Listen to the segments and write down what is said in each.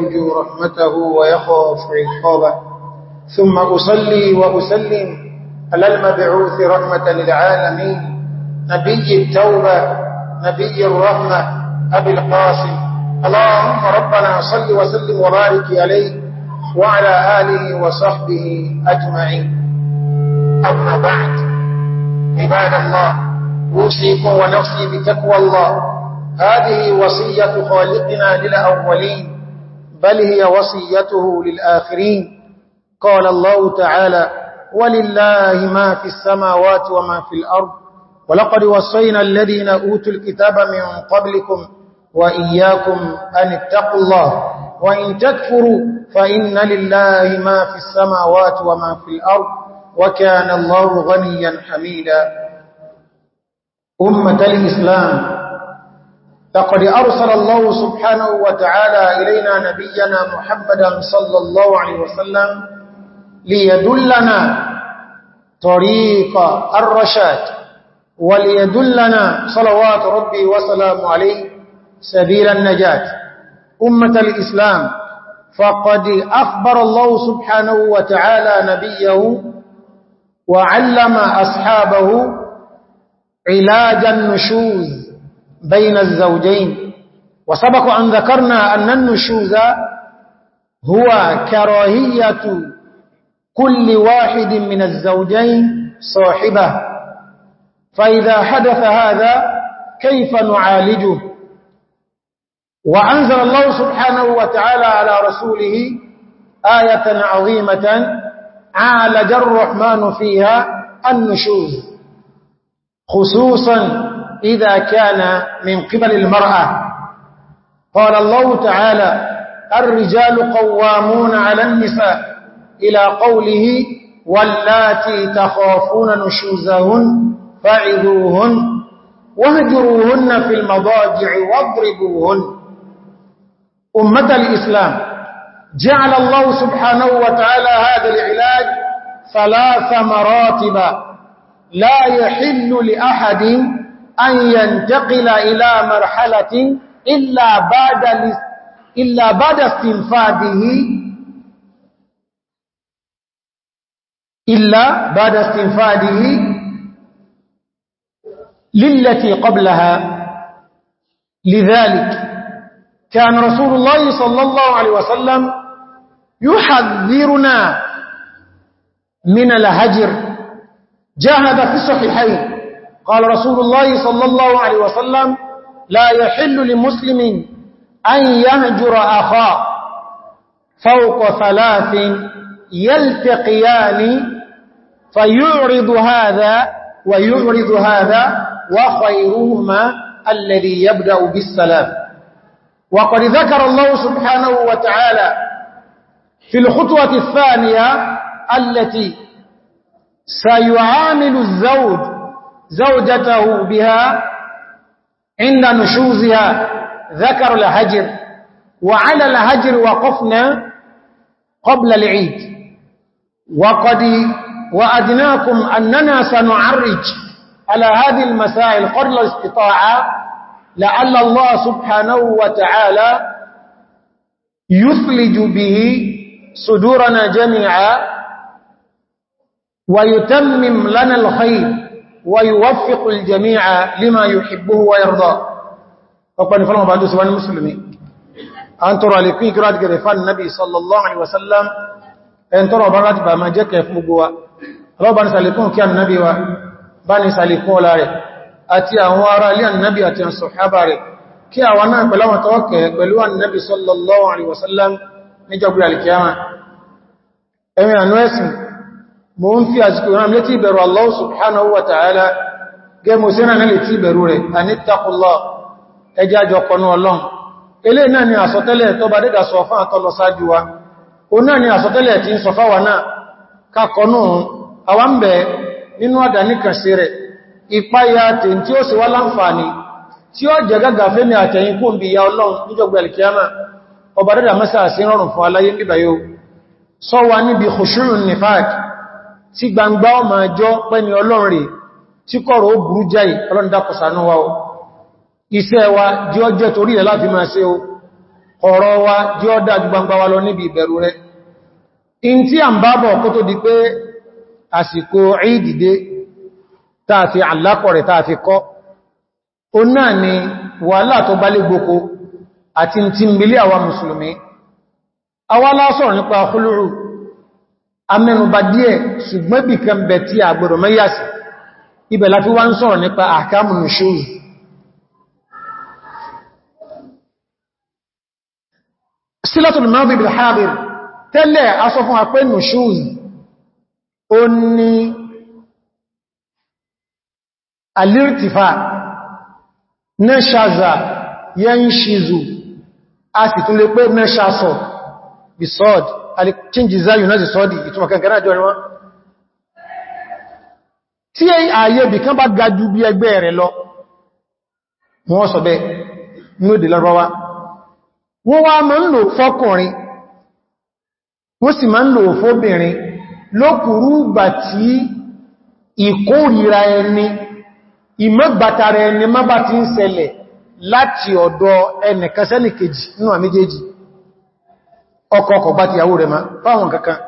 أرجو رحمته ويخاف عقابه ثم أصلي وأسلم على المبعوث رحمة للعالمين نبي التوبة نبي الرحمة أبي القاسم اللهم ربنا صل وسلم وبارك عليه وعلى آله وصحبه أجمعين أما بعد عباد الله أوصيكم ونفسي بتقوى الله هذه وصية خالقنا للأولين بل هي وصيته للآخرين قال الله تعالى ولله ما في السماوات وما في الأرض ولقد وصينا الذين أوتوا الكتاب من قبلكم وإياكم أن اتقوا الله وإن تكفروا فإن لله ما في السماوات وما في الأرض وكان الله غنيا حميدا أمة الإسلام لقد أرسل الله سبحانه وتعالى إلينا نبينا محمدا صلى الله عليه وسلم ليدلنا طريق الرشاد وليدلنا صلوات ربي وسلام عليه سبيل النجاة أمة الإسلام فقد أخبر الله سبحانه وتعالى نبيه وعلم أصحابه علاج النشوز بين الزوجين وسبق أن ذكرنا أن النشوز هو كراهية كل واحد من الزوجين صاحبه فإذا حدث هذا كيف نعالجه وأنزل الله سبحانه وتعالى على رسوله آية عظيمة عالج الرحمن فيها النشوز خصوصا إذا كان من قبل المرأة قال الله تعالى الرجال قوامون على النساء إلى قوله واللاتي تخافون نشوزهن فعذوهن واهجروهن في المضاجع واضربوهن أمة الإسلام جعل الله سبحانه وتعالى هذا العلاج ثلاث مراتب لا يحل لأحد أن ينتقل إلى مرحلة إلا بعد, إلا بعد استنفاده إلا بعد استنفاده للتي قبلها لذلك كان رسول الله صلى الله عليه وسلم يحذرنا من الهجر جاهد في الصحيحين قال رسول الله صلى الله عليه وسلم لا يحل لمسلم أن يهجر أخاه فوق ثلاث يلتقيان فيعرض هذا ويعرض هذا وخيرهما الذي يبدأ بالسلام وقد ذكر الله سبحانه وتعالى في الخطوة الثانية التي سيعامل الزوج زوجته بها عند نشوزها ذكر الهجر وعلى الهجر وقفنا قبل العيد وقد وأدناكم أننا سنعرج على هذه المسائل قبل الاستطاعة لعل الله سبحانه وتعالى يثلج به صدورنا جميعا ويتمم لنا الخير ويوفق الجميع لما يحبه ويرضى فقال فلما بعد سبحان المسلمين أن ترى لكي كرات قريفان النبي صلى الله عليه وسلم أن ترى برات بما جاك يفمقوا رب أن سألكم كان النبي وبني سألكم لاري أتي أنوارا لي النبي أتي أن صحابة كي أولا بلما توقع بلوا النبي صلى الله عليه وسلم نجاب للكيامة أمين أنواسم mo ń fi àsìkò ìran létí ìbẹ̀rù Allah subhanahu wa ta'ala gẹ́mù sínà náà létí ìbẹ̀rù rẹ̀ ànítàkùlọ ẹjá àjọkọ̀nú ọlọ́run ilé náà ni àsọtẹ́lẹ̀ tó bá dédà sọ fún àtọ́lọ sáájú wa o náà ni àsọtẹ́lẹ̀ tí ń sọ fáwà náà kakọ̀nú àwọn ń bẹ nínú àdáníkàṣe rẹ̀ ìpáyà tí tí ó sì wá láǹfààní tí ọba dẹ́dà mẹ́sà sí rọrùn fún aláyé níbàyó sọ wa níbi khushu'un nifaq tí gbangba ọmọ àjọ pẹ́ni ọlọ́run rẹ̀ tí kọ̀rọ̀ ó burú jáì ọlọ́run dákọ̀sánú wa o iṣẹ́ wa jí ó jẹ́ torí rẹ̀ láti máa ṣe o ọ̀rọ̀ wa jí ó dájú gbangba wa lọ níbi ìbẹ̀rù rẹ̀ in tí a ń bábọ̀ kó tó di pé àsìkò ìdìde amẹ́nubà díẹ̀ ṣùgbọ́n bí kan bẹ̀ tí àgbọ̀rọ̀ mẹ́yàsì ibẹ̀ láti wá ń sọ̀rọ̀ nípa àkámù nùṣúrù sílọ́tùn mọ́bí bil hadir tẹ́lẹ̀ aṣọ fún apẹ́ nùṣúrù ó ní alírtìfà nẹ́ṣàzà yẹn ṣìzù alìkíjìzá yúnáàzì sọ́dì ìtumọ̀ kankan náà jọ ni wọ́n tí ààyè bì kán bá ga jù bí ẹgbẹ́ rẹ̀ lọ wọ́n sọ bẹ́ ní òdè lọ́rọ́wá wọ́n wá ma ń lò fọ́kùnrin wọ́n sì ma ń lò fóbìnrin lókùrúgbà tí ìkórìíra ẹni ìmọ́gbàtàrà ẹni má bá ti ń ṣẹlẹ̀ láti ọ̀dọ̀ ẹnìkan sẹ́nìkejì nínú àmìjèjì ọkọ ọkọ bá ti yàwó rẹ̀ fáwọn kankan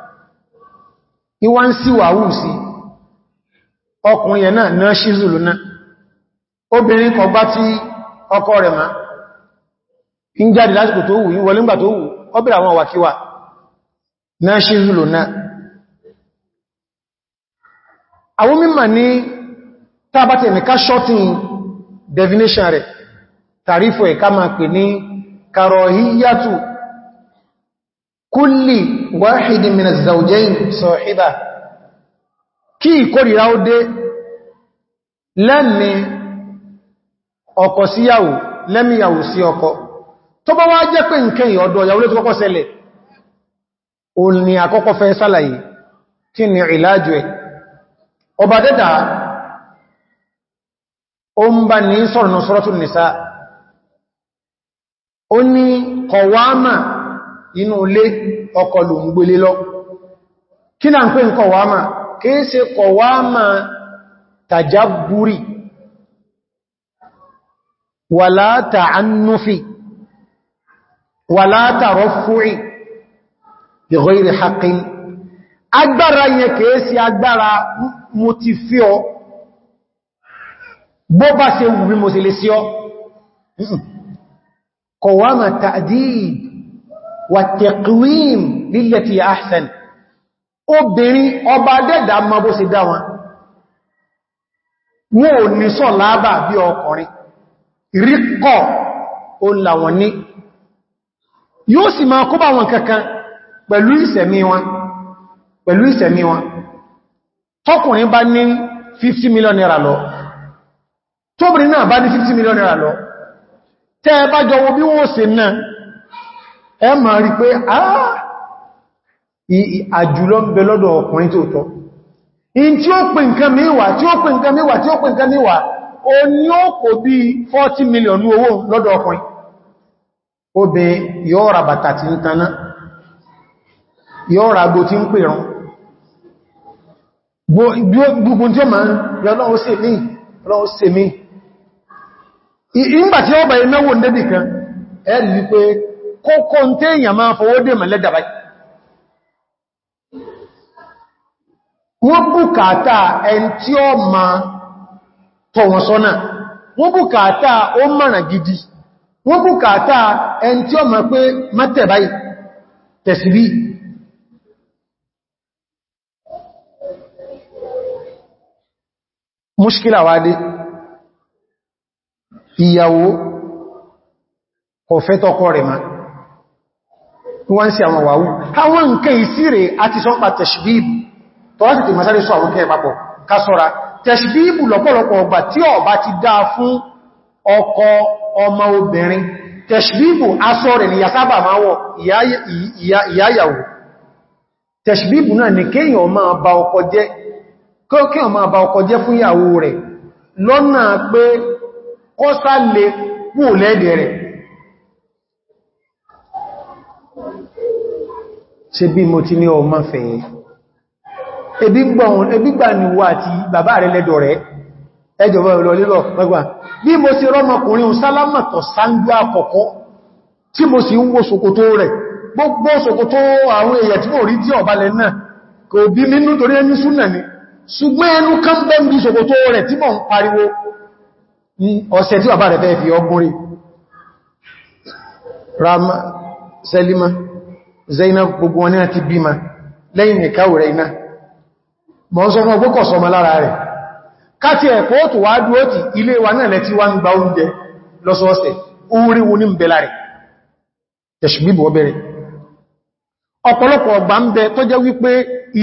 ìwá ń sí wàwú sí ọkùnrin yẹn náà náà obìnrin ti ọkọ rẹ̀ ma ń jáde lásìkò tó wù ń wọlé ńgbà tó wù ọbìnrin àwọn wàkíwà náà ṣízùlù náà àwọn shorting definition كل واحد من الزوجين صاحبة كي كوري راودي لمي ọkọ sí yàwó lẹ́mìyàwó sí ọkọ tó bá wá jẹ́ pé nǹkan ìyọ̀dọ̀ ìyàwó lé tó kọ́kọ́ ṣẹlẹ̀ o ní àkọ́kọ́ fẹ́ sálàyé kí ni ìlàjò ẹ̀ ọba dẹ́ta o ń bá ní sọ̀rọ̀ Suratul Nisa o ní kọwàá máa inú ilé ọkọlù ń gbélé lọ kí náà ń pè ń kọ̀wàmà kìí ṣe kọ̀wàmà tàjábúrì wàlá ta'annufi wàlá ta'raffu'i bi ghayri haqqin agbára yẹn kìí ṣe agbára mo ti fi ọ bó bá ṣe wù mo ṣe lè sí ọ kọ̀wàmà ta'dib wàtẹ̀kìwìm lílẹ̀ ti ahsan obìnrin ọba dẹ́dà mọ́ bó ṣe dá wọn wọ́n ò ní sọ láàbà bí ọkùnrin ríkọ̀ o làwọn ní yóò sì máa kó bá wọn kankan pẹ̀lú ìsẹ̀mí wọn tọkùnrin bá ní 50 million naira lọ tóbìnrin náà bá ní 50 million naira lọ tẹ́ẹ̀ bá jọ wo bí wọ́n ṣe náà ẹ ma rí pé ah, àjùlọ ń bẹ lọ́dọ̀ ọkùnrin tó tọ́ in tí ó pè nǹkan míwà tí ó pè nǹkan míwà tí ó pè nǹkan míwà o ní ó kò bí 40 million owó lọ́dọ̀ ọkùnrin obè yóò ra bàtà tí ń taná agbó ń gbogbo tí ó ma ń ó kókó tí èyàn máa fọwọ́ dé mẹ́lẹ́ dàbáyì wọ́n bùkátà ẹn tí ó ma tọ̀ wọn sọ́nà wọ́n bùkátà ó mọ̀nà gidi wọ́n bùkátà ẹn tí ó ma pé mẹ́tẹ̀báyì tẹ̀sìrí múṣkílà wádé ìyàwó kò fẹ́ tọ́kọ rẹ̀ máa wọ́n sí àwọn wàwú àwọn nǹkan ìsírè àti sọ́pàá tẹ̀ṣbíbù tọ́wọ́sì tí masáre sọ àwọn kẹ́ papọ̀ kásọ́ra tẹ̀ṣbíbù lọ́pọ̀lọpọ̀ ọgbà tí ọba ti dá fún ọkọ ọmọ obìnrin tẹ̀ṣbíbù aṣọ rẹ̀ ni yasábà máa wọ ìyáyàwó fún ṣe bí mo ti ní ọmọ fẹ́ ẹbígbà ni wà àti bàbá rẹ̀ lẹ́dọ̀ rẹ̀ ẹjọba ìlọ lílọ gbogbo bí mo sì rọmọkùnrin sálámàtọ̀ sáńjú àkọ́kọ́ tí mo sì ń wo ṣòkòtò rẹ̀ gbogbo ṣòkòtò àwọn èèyàn tí ó rí tí ọ̀balẹ̀ náà kò bí nínú torí ẹni súnà ni ṣùgbọ́n ẹnu kan bẹ́ ń bí ṣòkòtò rẹ̀ tí mọ̀ ń pariwo Selima Zainab gbogbo wọn ti bímọ lẹ́yìn nìkáwò rẹ̀ iná mọ́ sọ fún ọgbọ́kọ̀ sọmọ lára rẹ̀ káti ẹ̀kọ́ tó wá dúó tí ilé wa náà lẹ́tí wá ń gba oúnjẹ lọ́sọ̀ọ̀sẹ̀ orí ní ń rẹ̀ tẹ̀ṣùgbìbò ọbẹ̀rẹ̀ ti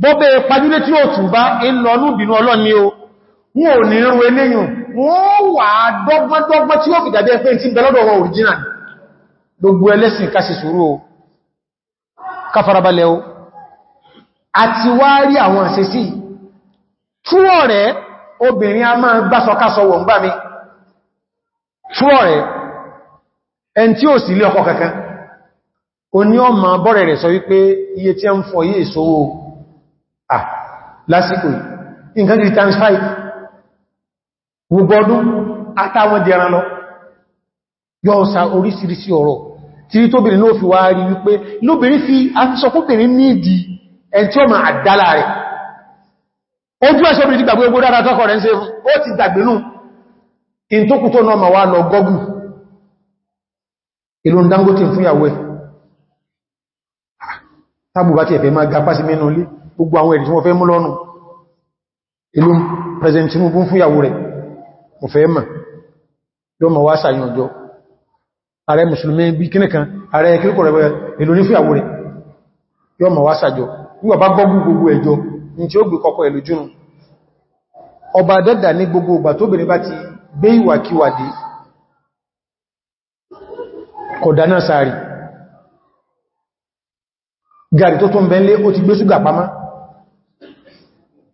bọ́bẹ̀ pàjúlé tí ó tún bá ìlọ́nú ìbínú ọlọ́ni o wọ́n ò ní rú eléyìn wọ́n wà dọ́gbọ́dọ́gbọ́ tí ó fi dàbí ẹfẹ́ tí bẹ̀lọ́dọ̀ wọn o káfarabalẹ̀ o àti wá rí àwọn àṣẹ́sí túwọ̀ rẹ̀ obìnrin a máa gbásọkásọ wọ̀n gbá mi túwọ̀ ẹn tí ó sì lé ọkọ kankan o ní ọmọ bọ́rẹ̀ rẹ̀ sọ wípé iye tí a ń fọ yí èso ah lásìkò nǹkan jìrì times 5 gbogbo ọdún àtàwọn jẹran lọ yóò sa orísìírísìí ọ̀rọ̀ tí tó bèèrè náà fi wá rí wípé lóbìnrin fi aṣọ́kúnbìnrin ní ìdí ẹn tí ó ma àdálà rẹ̀ ojú ẹ̀ṣọ́bìnrin ti gbàgbé ogbódára tọ́kọ̀ rẹ̀ ń ṣe ó ti dàgbénú in tó kù tó náà ma wá lọ gọ́gù ìlú Dangote fúnyàwó ẹ̀ tábù bá ti ẹ̀fẹ́ máa gapá sí mẹ́nu lé gbogbo àwọn ẹ̀dì tí wọ́n fẹ́ mú lọ́nù ìlú president Tinubu fún ìyàwó rẹ̀ mo fẹ́ mọ̀ yóò mọ̀ wá sàyìn ọjọ́ ààrẹ mùsùlùmí bí kínìkan ààrẹ kíríkọ̀ rẹ̀ èlò ní fún ìyàwó rẹ̀ yóò mọ̀ wá sàjọ wíwà tó bèèrè bá ń bẹ́ńlé ó ti gbé ṣúgà pamá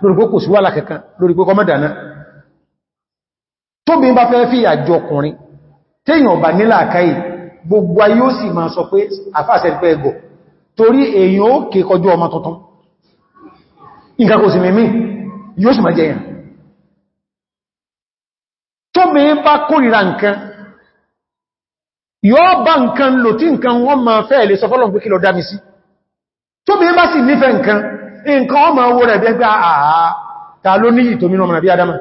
lórí pé kò sí wà lákẹ̀kan lórí pé kọmọ́dàná tóbi bá fẹ́ fi àjọ ọkùnrin téèyàn bá nílà àkáyì gbogbo ayé ó sì máa sọ pé àfáàsẹ̀ pẹ́ ẹgọ̀ torí èèyàn ó kè kọjú ọmọ tuntun nǹkan kò sí mímí yóò sì máa jẹyàn tóbi bá kórìíra nǹkan yóò bá nǹkan lò tí nǹkan wọ́n máa fẹ́ lè sọ fọ́lọ̀ pé kí lọ dá mi sí tóbi bá sì nífẹ̀ẹ́ nǹkan nǹkan ọmọ owó rẹ̀ bí ẹgbẹ́ àà ah, ah, ah, ta ló ní ìtò mínú ọmọ bí adama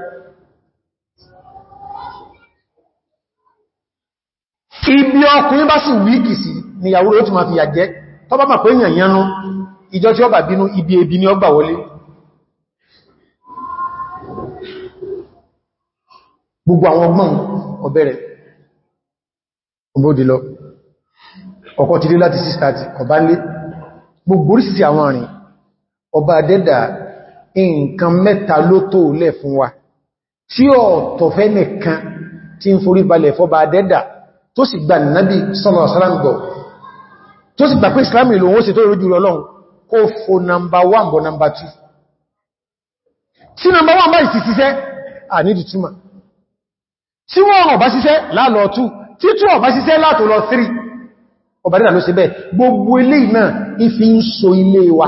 ibi ọkùnrin bá sì wíkì sí níyàwó rẹ̀ ó ti máa fi yà jẹ́ tó bá mà pé èèyàn yánú ìjọ tí ó bà bínú ibi ebi ni ó gbà wọlé gbogbo àwọn ọgbọ́n ọbẹ̀rẹ̀ ọbọ̀dì ọkọ̀ ti dé láti 6:30 gbogbo orísìí àwọn àrìn ọba dẹ́dà nǹkan mẹ́ta ló tó lẹ̀ fún wa tí ọ̀ tọ̀fẹ́ nìkan tí ń forí balẹ̀ fọba dẹ́dà tó sì gbà nábi sallallahu tó sì gbà pé islam ìlú wọ́n sì tó ìrójú ọlọ́run kó fo nàmbà 1 bọ̀ nàmbà 2 tí nàmbà 1 bá ìsì síṣẹ́ àníjì túmà tí wọ́n ọ̀bá síṣẹ́ láàlọ́ 2 tí tí ọ̀bá síṣẹ́ látò lọ 3 ọ̀bá ló ṣe bẹ́ẹ̀ gbogbo ilé náà ìfi ń so ilé wa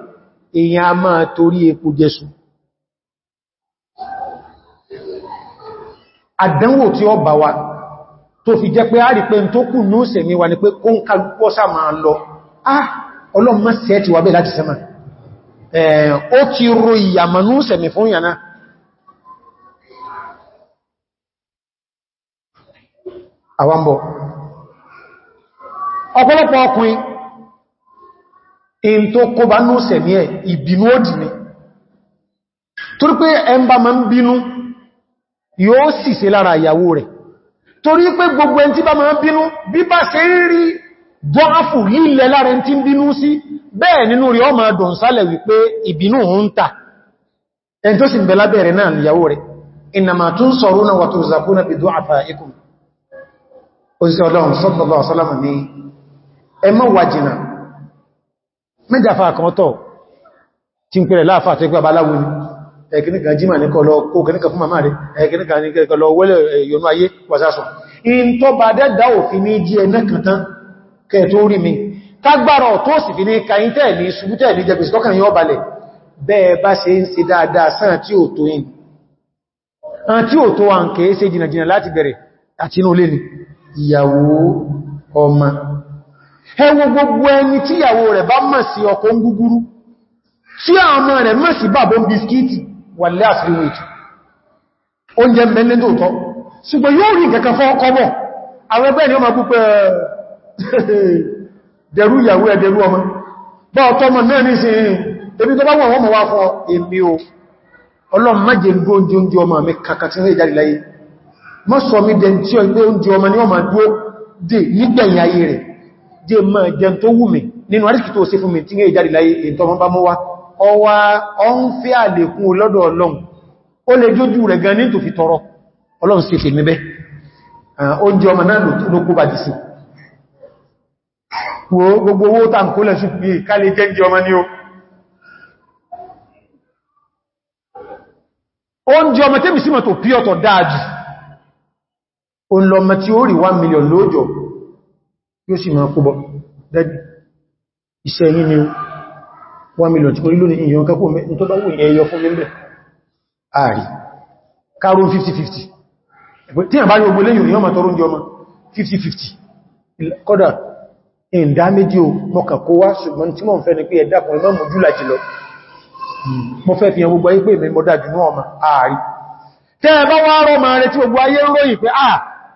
èyàn a máa torí epo jésù àdánwò tí ó bà wa tó fi jẹ́ pé a rí pé tó kù ní òsè mi wà ní pé kó ń ká pọ́sà máa lọ ah ọlọ́mọ́ sí ẹ ti wà bẹ́ láti sẹ́mà ó ti ro ìyàmọ̀nú sẹ̀mì fún ìyànà àwambọ̀ ọ̀pọ̀lọpọ̀ ọkùnrin in tó kó bá ní òsẹ̀mí e ibinu òdì ni torí pé ma ń bínú yóò lara yawo re gbogbo ẹn tí ma ń bínú bí bá ṣe ń rí gọ́ọ̀fù lílẹ̀ lára ẹn tí ń bínú sí bẹ́ẹ̀ nínú rí ọmọ dùn sálẹ̀ wípé ìbínú ń tà ẹn tó sì ń bẹ lábẹ́rẹ̀ náà ìyàwó wa bi du'afaikum mẹ́jàfà àkọ́ọ̀tọ̀ tí ń pẹ̀rẹ̀ láàfà tó gbàbà aláwọ̀ ní ẹ̀kìníkà jíma ní kọlọ kó kìníkà fún màmá rẹ̀ ẹ̀kìníkà ní kọlọ wẹ́lẹ̀ yọnú ayé wàsásọ̀ in tó bá dẹ́dà òfin ní jí ẹ̀nà kàntán kẹ tó rí mi tágbàrà tó sì fi ní kayin tẹ́ ní ṣubú tẹ́ ní ìyàwó ọmọ ẹwọ gbogbo ẹni tí ìyàwó rẹ̀ bá mọ̀ sí ọkọ ń gúgúrú tí ọmọ rẹ̀ mọ̀ sí bàbá ń bisikíìtì wà lẹ́ àfihàn ètò oúnjẹ mẹ́lẹ́ lóòtọ́ ṣùgbọ́n ọkọ bọ̀ ni o ń dó oúnjẹ oúnjẹ ọmọ mi kàkà tí láyé mọ́ sọ mi dẹ̀ tí ọ ilé oúnjẹ ọmọ ni wọ́n máa dúó jẹ máa jẹun tó wù mí nínú àríkì tó sí fún mi tí ní ìjáde láyé ìtọ́mọ́ bá mọ́ wá ọwá ọ́n fẹ́ àlékún olọ́dọ̀ ọlọ́run ó lè jójú rẹ̀ gan ní tó fi tọrọ ọlọ́run sí fèmí bẹ́ 1 million lóòjọ́ yóò sì máa kúbọ̀ dẹ́dì iṣẹ́ yìí ni 1 million tí orílò ní ìyàn kápò mẹ́rin tó bá wù ẹyọ fún mílẹ̀ ààrí kárún 50-50 tí a bá yóò gbé lẹ́yìn ìyàn màtọrún jọmọ 50-50 kọ́dà ìndá méjì o mọ́kà kó wá ṣùgbọ́n tí mọ́ fẹ́ ni pé ẹ̀dà kan mọ́ jùlá jùlọ mọ́ fẹ́ fi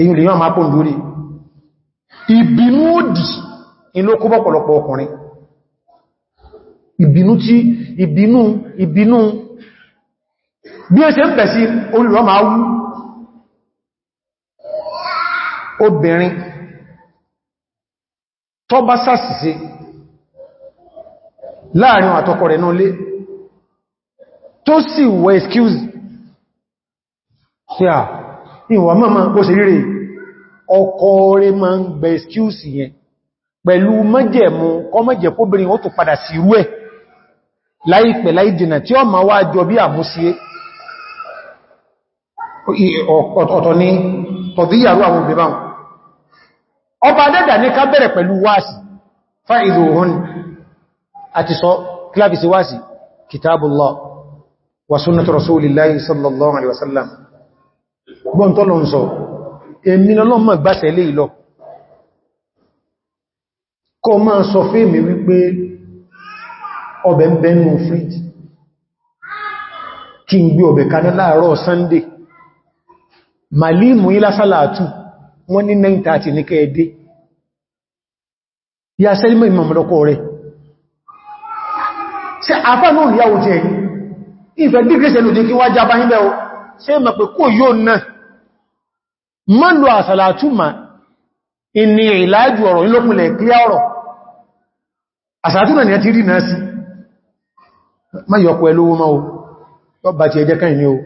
èyí lè yán máa pọ̀ lórí ìbínú òdì inú kó bọ́pọ̀lọpọ̀ ọkùnrin ìbínú tí ìbínú ìbínú bí ẹsẹ̀ ń bẹ̀ sí olùrọ̀ máa wú obìnrin tó bá sàṣìṣe láàrin àtọkọ rẹ̀ náà lé tó sì wọ excuse sí ìwà máa bó ṣe ríre ọkọ̀ rẹ̀ máa ń gbẹ̀ excuse yẹn pẹ̀lú mẹ́jẹ̀mú kọmọ́jẹ̀ fóbìnrin ó tó padà sí rú ẹ̀ láìpẹ̀ láìdìnà tí ọ máa wá jọ bí àmúsí ọ̀tọ̀ ni tọ̀díyàrú àwọn obìnrin ọba dẹ́dà ní kitabullah wa sunnatu rasulillahi sallallahu alaihi wasallam gbọ́n tọ́lọ ń sọ èmi lọ́lọ́mọ̀ gbáṣẹ̀ lé ìlọ kọ máa sọ fèmí wípé ọbẹ̀ ń bẹ nínú fríjì kí n gbé ọbẹ̀ kaná láàárọ̀ Sunday màlìmù ilásàlátù wọ́n ní 9:30 ní kẹ́ẹ̀dé ya sẹ́límọ̀ ìmọ̀mọ̀lọ́kọ́ rẹ̀ ṣe àfá náà ìyàwó jẹ́ ìfẹ́ dígrísẹ̀ lòdí kí wá jábá ń bẹ́ o ṣe mọ̀ pé yóò náà mọ́lù àsàlátúmà ìní ìlàájú ọ̀rọ̀ ìlókùnlẹ̀ ìpínlẹ̀ ọ̀rọ̀ àsàlátúmà ni a ti rí náà sí ma yọkù ẹ lówó o tó bá ti ẹjẹ́ káì ní o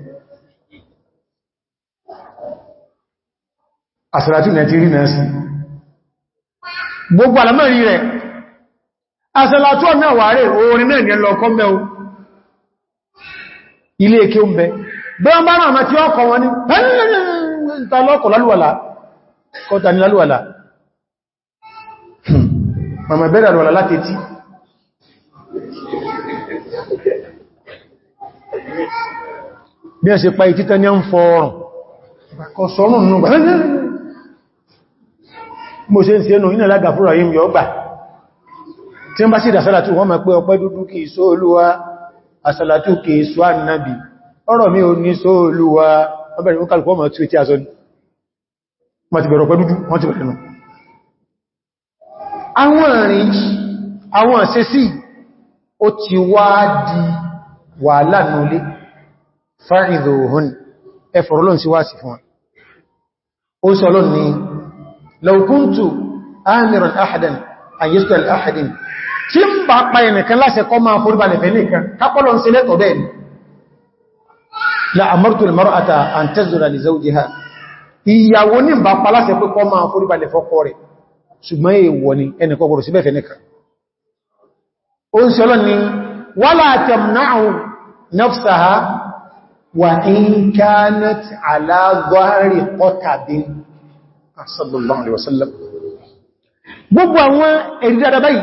àsàlátúmà ti rí náà sí gbogbo alamọ́rí ni o ta lọ́kọ̀ lálùwàlá kọta ní lálùwàlá hmm, màmà bẹ̀rẹ̀ àlùwàlá láti tí bí ẹ̀ ṣe pa ìtítẹ́ ní ń fọ ọrùn kọ sọ́rùn nù gbà mo ṣe ń se ẹnu iná lága fúra yìí yọ gbà tí ń bá sí ìdásálàtù wọ́n mọ̀ pé ọpẹ́ dúdú kìí só olúwa àsálàtù kìí só ànábì ọ̀rọ̀ mi ò ní só olúwa ọbẹ̀rẹ̀ mú kálùkọ́ mọ̀ tí ó tí a sọ ní wọ́n ti bẹ̀rọ̀ pẹ̀lú wọ́n ti bẹ̀rẹ̀ nù àwọn àrin àwọn àṣẹ́sí ó ti wá di wà lánúlé fa'idhuhun ẹfọ̀rọ̀ lọ́n sí wá sí fún wọn ó sọ lọ́n ni law kuntu amiran ahadan àyíṣkọ̀ al'ahadin tí ń bá pa ẹnìkan láṣẹ kọ́ máa fórúbalẹ̀ fẹ́ nìkan kápọ́lọ̀ ń sílẹ̀ tọ̀bẹ̀ la marata an tazura li zawjiha ìyàwó ní ìbá paláṣẹ pé kọ́ máa foríbalẹ̀ fọ́kọ rẹ̀ ṣùgbọ́n èèwọ̀ ni ẹnìkọ́ gbọ́rọ̀ sí bẹ́fẹ̀ nìkan ó ń sọ́lọ́ ni wala tamna'u nafsaha wa in kanat ala dhahri qatabin sallallahu alaihi wasallam gbogbo àwọn ẹ̀rí dáadáa báyìí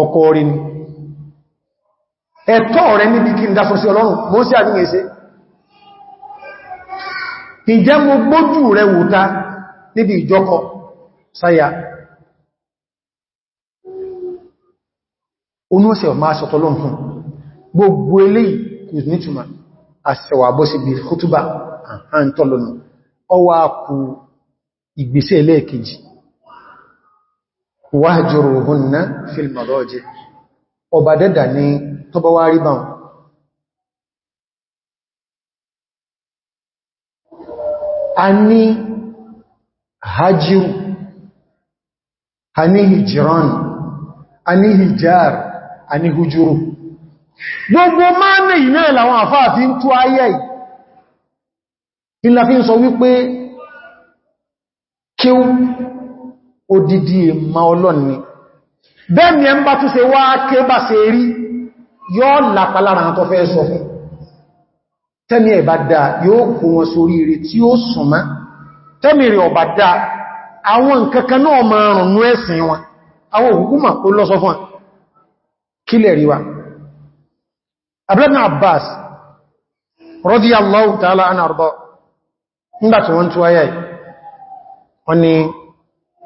ọkọ̀ orí ni ẹ̀tọ́ rẹ̀ níbi kí n dáṣọ sí ọlọ́run mọ́ sí àdínyẹ̀ ìjẹ́ mo gbójú rẹ̀ wùta níbi ìjọkọ̀ sáyà onúọ̀sẹ̀ ọmọ aṣọ́tọ́lọ́n fún gbogbo eléyìí kò àṣẹwà bọ́ sí bí kútúbà àhántọ́lọ́nà ọwá kú wahjuruhunna fil madaji ọba dẹ́dà ní tọ́bọ̀ wá rí báun a ní hajjiru a ní hijiran a ní hijar a ní hujuru gbogbo máa ní ìná ìlàwọn àfáàfin tó ayẹ́ ìlàfin sọ wípé kíw odidi ma ọlọ́ni bẹ́ẹ̀ni ẹ ń bá tún ṣe wá ké bá ṣe rí yóò lápalára tó fẹ́ sọ fún tẹ́mi ẹ̀ bá dáa yóò kó wọn sórí rẹ̀ tí ó súnmọ́ tẹ́mi rẹ̀ ọ̀bá àwọn nkankan náà ma rùnú ẹ̀sìn wọn Abbas radiyallahu ta'ala anhu arda nígbàtí wọ́n tó ayáyì wọ́n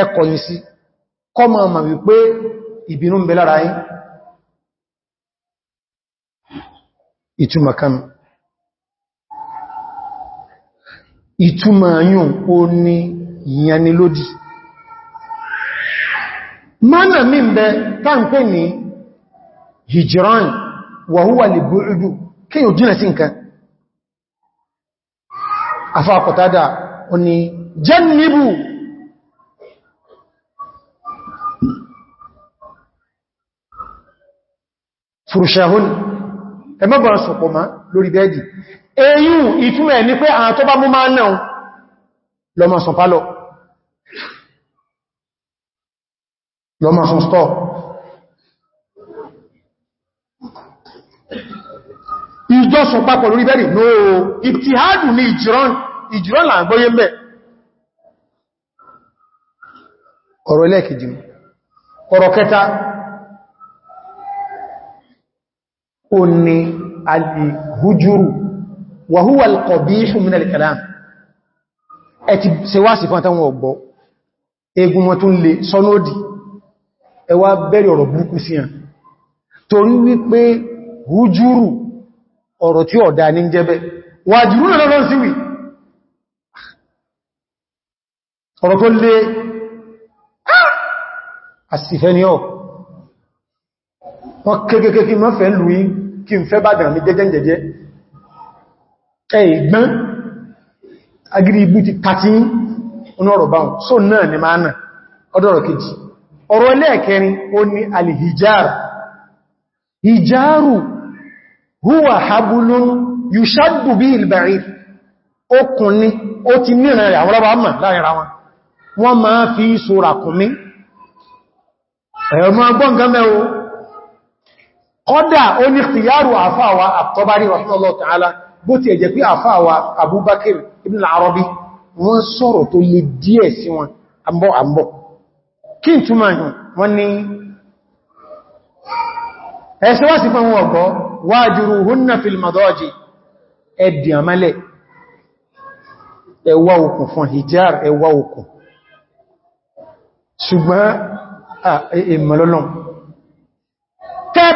ẹkọ̀yìn sí ma wípé ìbínú ń bẹ lára yín ìtumọ̀ kan ìtumọ̀ yùn ó ní ìyanilódì mọ́nà mí ń bẹ táǹpẹ́ ní hijran wàhúwà lè búrúdù afọ́ fùrùṣẹ̀hún ẹmọ́bọ̀n sọ̀pọ̀ má lórí bẹ́ẹ̀dì eyín ìtumẹ̀ ní pé àwọn tó bá mú máa náà lọ́mọ̀ sọ pálọ̀ lọ́mọ̀ sọ stọ́ ìjọsùn papọ̀ lórí bẹ́ẹ̀dì nóò ìtìhádù ní ìjìrán làgbóyé mẹ́ ọ̀rọ̀ ẹlẹ́kejì ọ̀rọ̀ kẹta oni alihujuru wa huwa alqabihu min alkalam ẹ ti ṣe wá sí fún àtàwọn ọgbọ́ egun wọn tún lè sọ́nọ́dì ẹ wá bẹ̀rẹ̀ ọ̀rọ̀ burúkú sí yàn torí wípé hujuru ọ̀rọ̀ tí ọ̀dá ní jẹ́bẹ̀ wà jùrú lọ́rọ̀ síwì kí ń fẹ́ bàdàn mi jẹ́jẹ́ jẹ́jẹ́ ẹ̀gbọ́n agiri ibu ti tàtí onọ́rọ̀ báhùn so náà ni máa náà ọdọ́rọ̀ kejì ọ̀rọ̀ ẹlẹ́ẹ̀kẹrin ó ní alìhijáàrù hijáàrù húwà habulun yushaddu bí ìlbàríf okùn ni ó ti níran kọ́dà ó ní ìyàrù àfáàwà àtọ́bárí rahimahullahu ta'ala bó ti ẹ̀jẹ̀ pé àfáàwà Abubakar ibn al-Arabi wọ́n sọ̀rọ̀ tó lè díẹ̀ sí wọn àmbọ̀ àmbọ̀ kí n túnmà wọn ni ẹ̀ṣẹ́ wá sí fún wọn ọ̀gọ́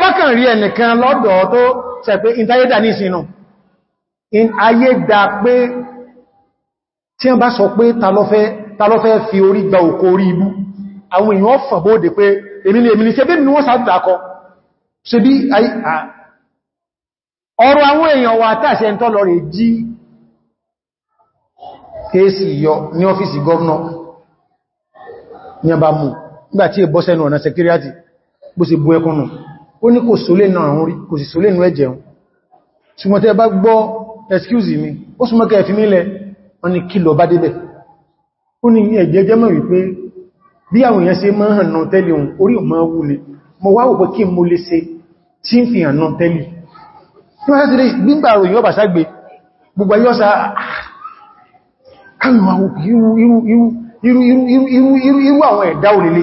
bá kàn rí ẹnìkan lọ́dọ̀ tó sẹ pé ìtayédà ní ìsinú in ayé dá pé tí wọ́n bá sọ pé ta ló fẹ́ fi orí gba òkò orí ibú àwọn èèyàn fàbóòdè pé èmìnì èmìnì ṣe bí ní wọ́n sàdàkọ ṣe bí ọ̀rọ̀ àwọn èèyàn wà tàṣẹ tọ́lọ rẹ̀ jí kéèsì yọ ní ọ́fíìsì gọ́ọ̀nà ní ọba mú nígbàtí ìbọ́sẹ̀nù ọ̀nà sẹkíríàtì bó sì bú ẹkùnnù ó ní kò sólé náà àwọn orí kò sì sólé nú ẹ̀jẹun ṣùgbọ́n tẹ́ bá gbọ́ excuse me ó súnmọ́ kẹ́ fi mílẹ̀ wọ́n ni kí lọ bá débẹ̀ ó ní ẹ̀jẹ́ jẹ́mọ̀ wípé bí àwọn èèyàn ṣe máa hàn náà tẹ́lẹ̀ ohun orí ọmọ wú ni mo wá wòpé kí mo lè ṣe tí ń fi hàn náà tẹ́lẹ̀ nígbà ròyìn ọba ságbé gbogbo ayọ́ sa ah, irú àwọn ẹ̀dá òlélé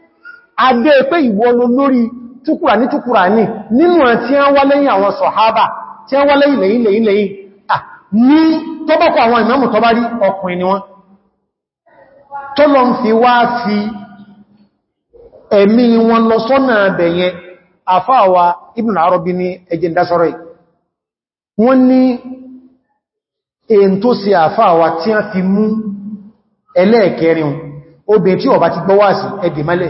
adé e pé ìwọlò lórí túkùrà ní túkùrà ní nínú ẹ̀ tí wọ́n wá lẹ́yìn àwọn sọ̀hábà tí wọ́n wá lẹ́yìn lẹ́yìn lẹ́yìn lẹ́yìn ní tọ́bọ̀kọ̀ àwọn ìmọ̀mù tọ́bá rí ọkùnrin ni wọ́n tó ń fi wá wọn ti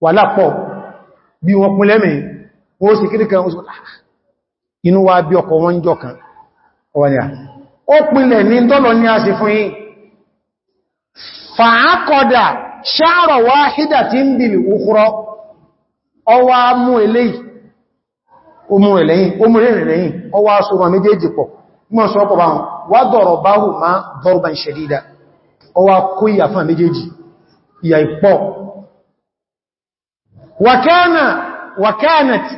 wà lápọ̀ bí wọn pín lẹ́mì ó sì kí inú wa bí ọkọ̀ wọn jọ kan ọwà ni à ó pínlẹ̀ ní tọ́lọ ní a sì fún yí fàákọ́dà ṣáàrọ̀ wá hídà tí ń bìlì òkúrọ ọwá mú eléyìí ọwá sọ́rọ̀ méjèèjì pọ̀ mọ́ wá dọ̀rọ̀ má وكان وكانت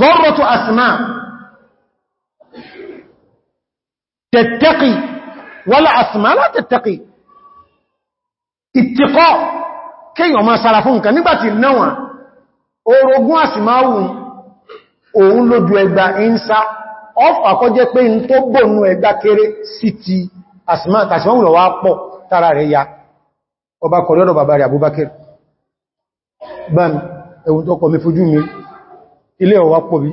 ضرة أسماء تتقي ولا أسماء لا تتقي اتقاء كي وما سلفونك نبات النوى orogún àsìmáwù òun lójú ẹgbà ìnsá ọfà kọ́ jẹ́ ti àsìmáwù lọ wá pọ̀ tara re ya ọba kọ̀rí ọ̀dọ̀ bá mi ẹ̀wùn tó kọ̀ mi fojú mi ilé ọwà pọ̀ bí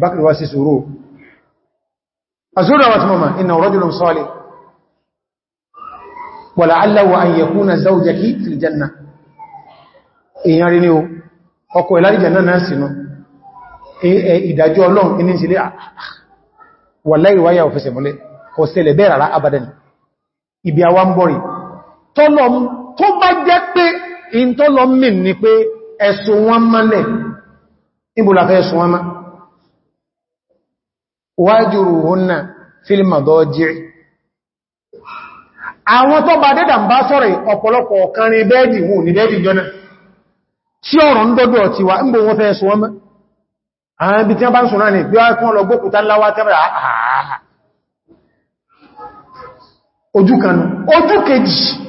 bákìlúwà sí sòrò azúrà wàtí mọ̀má iná rọ́jùlùm sọ́lẹ̀ wà láàláwà ayyẹkúnà zaújẹ́kí fìlìjẹ́nà èèyàn rí ní o ọkọ̀ ìlàríjẹ̀ náà náà sínú ìdájọ́ ọlọ́run iní sílé wà láìwáyà òfẹsẹ̀ mọ́lẹ̀ kò sẹlẹ̀ bẹ́ẹ̀ rárá abadan ibi àwọn bọ̀rì tọ́lọ tó bá jẹ́ pé in tó lọ mìn ni pé ẹ̀sùn wọn mọ́lẹ̀ níbùlàfẹ́ ẹ̀sùn wọn mọ́ wájúrù húnnà fílmàdọ́ jírí àwọn tó bá dédà ń bá sọ́rọ̀ ọ̀pọ̀lọpọ̀ ọ̀kan bẹ́ẹ̀dì ní bẹ́ẹ̀dì jọna tí ọ̀rọ̀ ń dọ́dọ̀ ti wà ń bò wọ́n fẹ́ ẹ̀sùn wọn mọ́ àwọn ibi tí wọ́n bá ń sọ̀rọ̀ ní bí wọ́n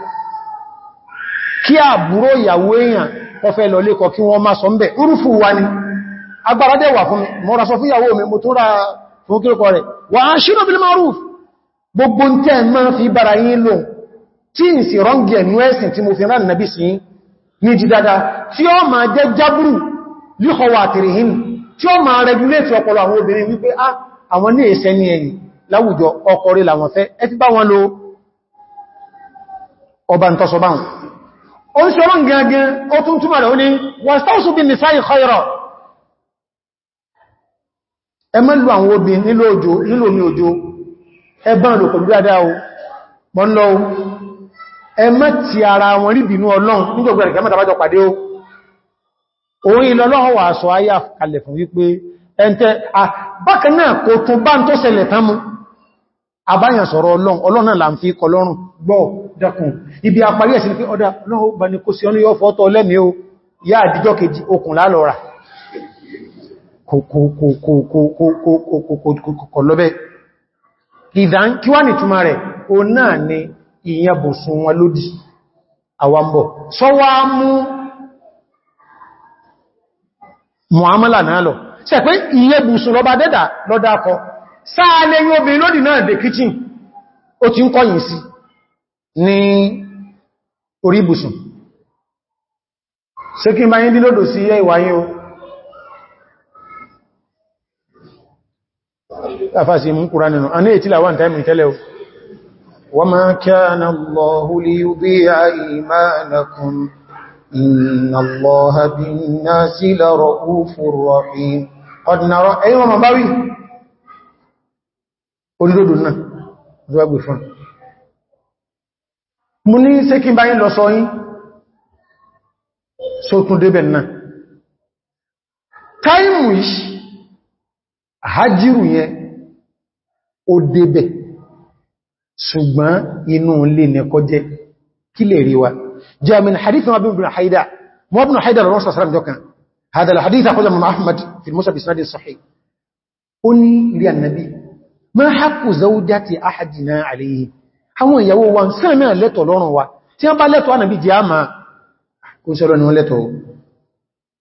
kí àbúrò ìyàwó èèyàn ọfẹ́ lọ lékọ kí wọ́n máa sọ ń bẹ̀. Úrùfù wa ni, agbára dẹ̀ wà fún mi, mo ra sọ fún ìyàwó mi, mo tó ra fún kíríkọ rẹ̀. Wa ashiru bil ma'ruf, gbogbo ń tẹ́ máa fi bára yín lò, tí ì sì rọ́ngì ẹ̀nú ẹ̀sìn tí mo fi rán nàbí sí ní jí dada, tí ó máa jẹ́ jábúrù líkọwà àtìrìhìn, tí ó máa rẹgúlétì ọpọlọ àwọn obìnrin á ah, àwọn ní èsẹ́ ọba ń báhùn ó ń ṣe ọlọ́n gẹ́gẹ́ ó tún túnmà rẹ̀ ó ní wastawsu bin nisa'i khayra ẹ má lù àwọn obìn nílò omi òjò ẹbọ́n lò pẹ̀lú dáadáa o bọ́nlọ́ o ẹ má ti ara wọn rí bínú ọlọ́n nígbàgbà àbáyàn sọ̀rọ̀ ọlọ́run ọlọ́run naa là ń fi kọlọ́run gbọ́ dẹkùn ibi àparí ẹ̀sìn pé ọdá náà bá ní kó sí yóò fọ́tọ̀ lẹ́mí o yá àdíjọ́ kejì okùn lálọ́ra kòkòkòkòkòkòlọ́bẹ̀ kọ o Saa na-enye lódì náà dé kíchìn ó ti ń kọ́yìn sí ní orí ibùsùn ṣe kí n bá yín sí iye ìwáyín o àfàṣì mú kúrò nínú a ní ètílà wà ní táìmì tẹ́lẹ̀ o wa inna Allaha bin-nasi la ra'ufur rahim qad nara onídòdó náà lọ́gbẹ̀ fún mú ní ṣe kí n báyí lọ sọ yín sótún débẹ̀ náà táìmù ìṣ àhájírù yẹn ó débẹ̀ ṣùgbọ́n inú ilé nẹ́kọ́ jẹ́ kí lè rí wa jẹ́min hadithan abu ibn haida mọ́ ibn haida lọ́rọ̀ sàrán jọkan hadal haditha kọjá mọ́ ma haqqu zawjati ahadina alayhi àwọn ìyàwó wa nsan na lẹ́tọ̀ọ́ lọ́rùn wa tí an bá lẹ́tọ̀ọ́ anabi je ama kò ṣe lọ ni wọ́n lẹ́tọ̀ọ́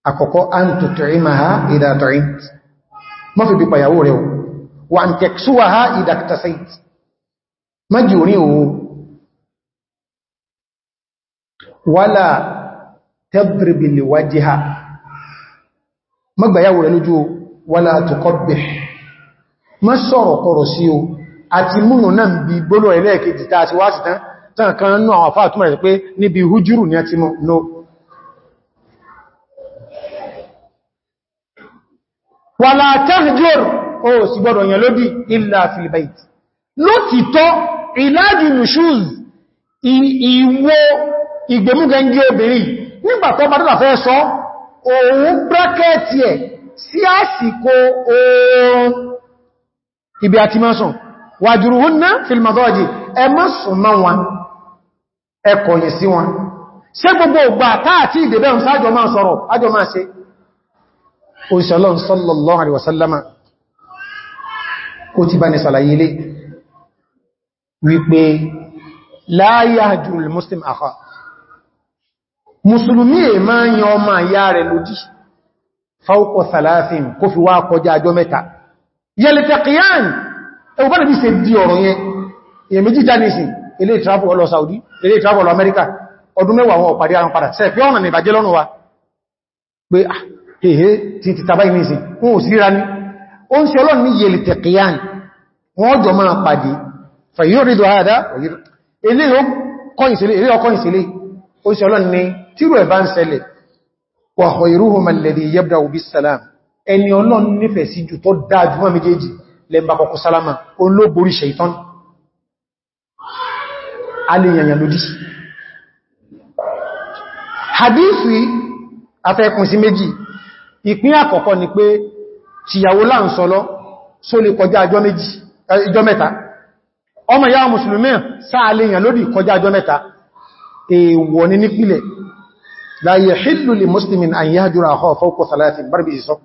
àkọ́kọ́ an tut'imaha idha tu'imt má fi bí pa ìyàwó rẹ o wa an taksuha idha iktasait má juri o wala tadrib liwajha má gbà ìyàwó rẹ lójú wala tuqabbih mọ́ sọ̀rọ̀ kọ̀rọ̀ sí o àti múnù náà bí gbólò ẹlẹ́ẹ̀kejì tàà sí wáṣì tán tán kan náà àwọn àfáà túnmà rẹ̀ pé níbi hújúrù ní àti mọ́ wàlá tahjur o sì gbọ́dọ̀ yẹn lódí illa fil bayt lótìtọ́ ìlàjì nushuz ìwò ìgbèmúgẹ́ngẹ́ obìnrin nígbàtọ́ bá dọ́là fẹ́ sọ òun brákẹ́ẹ̀tì ẹ̀ sí àsìkò oòrùn ibi àti máa sùn wàjúrúhúnná fìlmàdọ́jì ẹ má sùn máa wọn ẹkọ̀yẹ̀ sí wọn ṣe gbogbo ògbà táàtí ìdẹ̀bẹ̀ ṣájọ máa sọ̀rọ̀ ájọ máa ṣe òṣèlọ́n sallallahu alaihi wasallama ó ti bá ní sàlàyé lé wípé yẹlẹ̀tẹ̀kìyàn ẹgbẹ́ bí ṣe di ọ̀rọ̀ yẹn èyàn méjì já nìsìn ilé ìtìráfù ọlọ Saudi ilé ìtìráfù ọlọ Amẹ́ríkà ọdún mẹ́wàá wọn ọ̀pàdé àwọn padà sẹ́ pé ọ̀nà ìbàjẹ́ lọ́nà wa pé èhé ah, ti ti tàbá ìmìsìn wọn ò sí ríra ní ó ń ṣe ọlọ́run ní yẹlẹ̀tẹ̀kìyàn wọ́n jọ máa pàdé fàyíyọ́rídò àádá ilé ọkọ̀yìnsílé ó ń ẹni ọlọ́run nífẹ̀ẹ́ sí jù tó dáa jù mọ́ méjèèjì lẹ́mbà kọkọ sálámà olóborí ṣẹ̀ìtán aléyànyà lódí hadithi afẹ́kùn sí méjì ìpín àkọ́kọ́ ni pé tìyàwó láǹsọ́lọ́ só lè kọjá ìjọ mẹ́ta ọmọ ìyá mùsùlùmí sáà léyàn lódí kọjá ìjọ mẹ́ta èèwọ̀ ni nípìlẹ̀ la yahillu li muslimin an yahjura akhahu fawqa thalathin barbi ìsọ́kù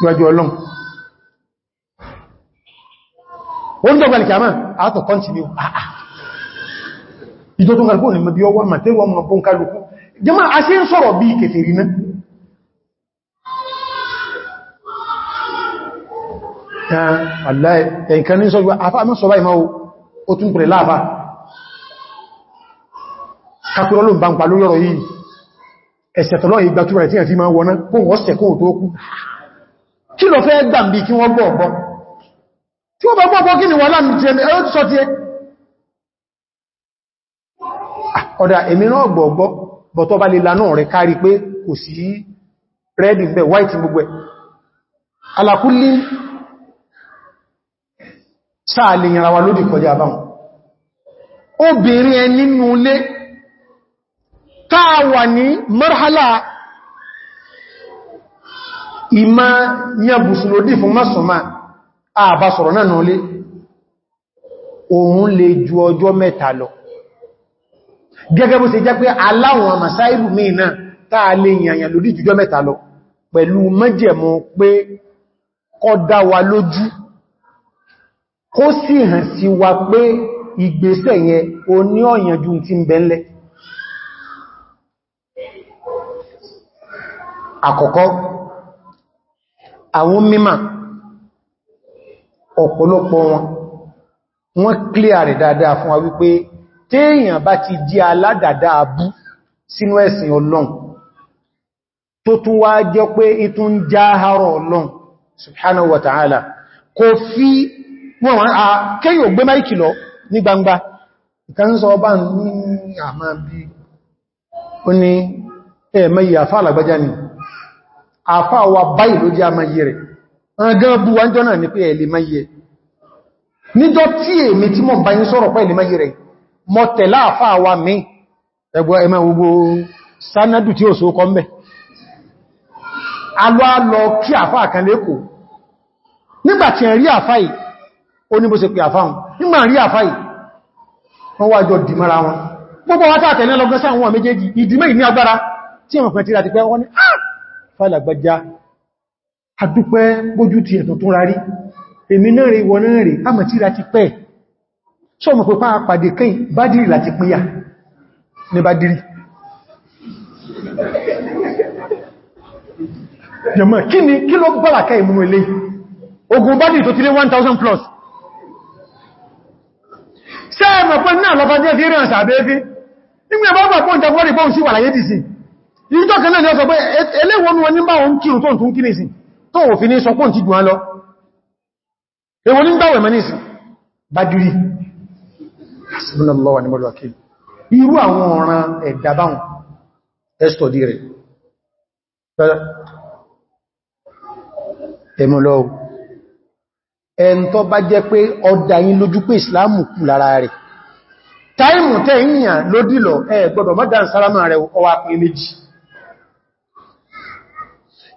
níwájú ọlọ́run ó ń dọ́gbà nìkàmà àátọ̀ kọ́ntì ní àà ah, ah. ìjọ tó kàrùkú ní mẹ́bí ọwọ́ màtẹ́rù ọmọ bọ́n kàrùkú jẹ́mà a sí ń sọ̀rọ̀ bí kèfèrí náà ẹ̀ǹkan ní sọ́jú afáàmọ́ sọ báyìí máa ó tún pẹ̀lẹ̀ láàfá kakúrọ́ ló ń bá ń pa lórí ọ̀rọ̀ yìí ẹ̀sẹ̀tọ̀lọ́ ìgbàtúrà ìtíyàn ti máa wọ́ná kóhùn ọ̀sẹ̀ kóhùn tó kú kí lọ fẹ́ gbà bí kí wọ́n gbọ́ọ̀gbọ́ tí wọ́n bá kí ni wọ́n láàrín jẹ́ ẹ̀rọ ti sọ ti ẹ́ ah, ọ̀dá èmi náà gbọ́ọ̀gbọ́ bọ̀tọ́ bá lè rẹ̀ kárí pé kò sí red bẹ̀ white gbogbo ìmá yàbùsùlòdì fún mọ́sùnmá àbá sọ̀rọ̀ náà nọlé òun lè ju ọjọ́ mẹ́ta lọ gẹ́gẹ́ bó ṣe jẹ́ pé aláwọn àmàsáìlù míì náà táà lè yànyàn lórí jùjọ́ mẹ́ta lọ pẹ̀lú májẹ̀mú pé kó dá wa lójú kó sì hàn sí wa pé ìgbésẹ̀ yẹn o ní ọ̀yànjú ti ń bẹ̀ẹ́lẹ̀ àkọ́kọ́ àwọn mímà ọ̀pọ̀lọpọ̀ wọn wọ́n clear rẹ̀ dáadáa fún wa wípé téèyàn bá ti di aládàdá abú sínú ẹ̀sìn ọlọ́run tó tún wá jọ pé ìtún ń já àárọ̀ ọlọ́run subhanahu wa ta'ala kò fi wọ́n wọ́n a kéyò gbé máìkì lọ ní gbangba ìkànsọ ọba ní ni àfá wa báyìí ló jẹ́ amáyé rẹ̀ ọ̀gán bú wa ń jọ náà ní pé ẹ̀lẹ̀ máyé níjọ́ tí èmi tí mọ̀ báyìí sọ̀rọ̀ pẹ́ ẹ̀lẹ̀ máyé rẹ̀ mọ̀ tẹ̀lá àfá wa mi ẹgbọ́ ẹmẹ gbogbo sánádù tí ó so kọ́ mẹ́ alọ́ lọ kí àfá kan lẹ́kọ̀ọ́ nígbàtí rí àfá yìí ó ní bó ṣe pè àfá wọn nígbà rí àfá yìí wọ́n wá jọ dì mara wọn méjèèjì ìdímẹ́ ìní agbára tí wọ́n pẹ̀ tí láti pẹ́ wọ́n ni fàlàgbàjá àdúpẹ́ bójú ti ẹ̀tọ̀ tó rárí èmi náà rí wọ́n náà rí a mọ̀tíra ti pẹ́ sọ́mọ̀ pípa pàdé kẹ́yìn bá dìrì láti pínyà ní bá dìrì jẹmọ̀ kí ni kí ló bọ́làkẹ́ ìmúnú ilé ogun bá dìrì tó ti lé 1000 plus sẹ́ẹ̀mọ̀ pẹ́ náà lọ ìjọ kan náà ni ọ̀sọ̀ pé eléwọnú wọn ní bá wọn kírù tó ń tún kí nìsìn tó òfin ní sọ pọ́n ti jù án lọ èwọ ní gbáwẹ̀ mẹ́nìsìn bá dìrí irú àwọn ọ̀ràn ẹ̀dà báhùn ẹ́sọ̀dì rẹ̀ ẹmọ́lọ́ ẹn tó bá jẹ́ pé ọdá yín lójú pé ìsìláàmù kù lára rẹ̀ táìmù tẹ́ ìyàn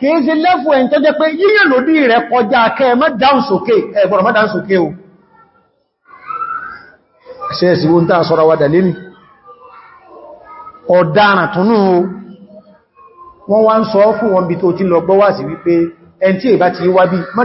kìí sí lẹ́fù ẹ̀yìn tó jẹ́ pé yíyàn lòdí rẹ̀ kọjá kẹ́ mọ́ dáun sókè ẹ̀bọ̀rọ̀ mọ́ dáun sókè o ṣe ẹ̀sì wọ́n tàà sọ́ra wádà lè ní ọ̀daràn túnú wọ́n wá ń sọ fún wọn bí tó ti lọ gbọ́wà sí wípé ẹn tí èbá ti wá bí mọ́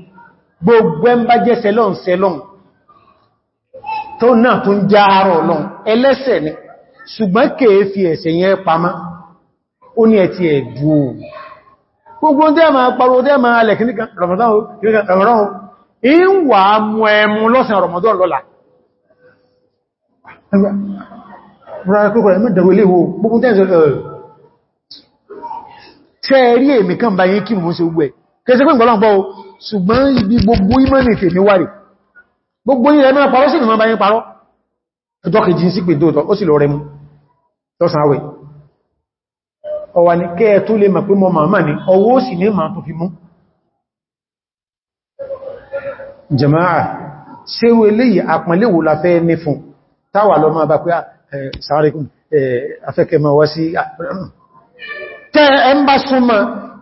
gbogbo ẹ ń bá jẹ́ sẹlọ́n sẹlọ́n tó náà tún já àárọ̀ lọ́n ẹlẹ́sẹ̀ ni ṣùgbọ́n kèé fi ẹ̀ṣẹ̀ yẹn pamá ó ní ẹ̀tí ẹ̀dù gbogbo dẹ́ ma parò dẹ́ ma alẹ̀kìníkan Ramadan in wà mú ẹmú lọ́sàn Ramadan lọ́la ìgbọ́lọ́gbọ́ ṣùgbọ́n ibi gbogbo ìmọ̀nì tèmi wáre gbogbo ilẹ̀ mẹ́rin parọ́ sí ìmọ̀ báyín parọ́ ọjọ́ kejì sí pé dóòtọ́ ó sì lọ rẹmú lọ́sàn àwẹ̀ ọwà ní kẹ́ tó lè mọ̀ pé mọ màmá ní ọwọ́ sì ní ma tó fi mú jama'a ṣe wo eléyìí àpọ̀lẹ́wò la fẹ́ ní fún táwà lọ máa bá pé ah, sàárẹ́kùn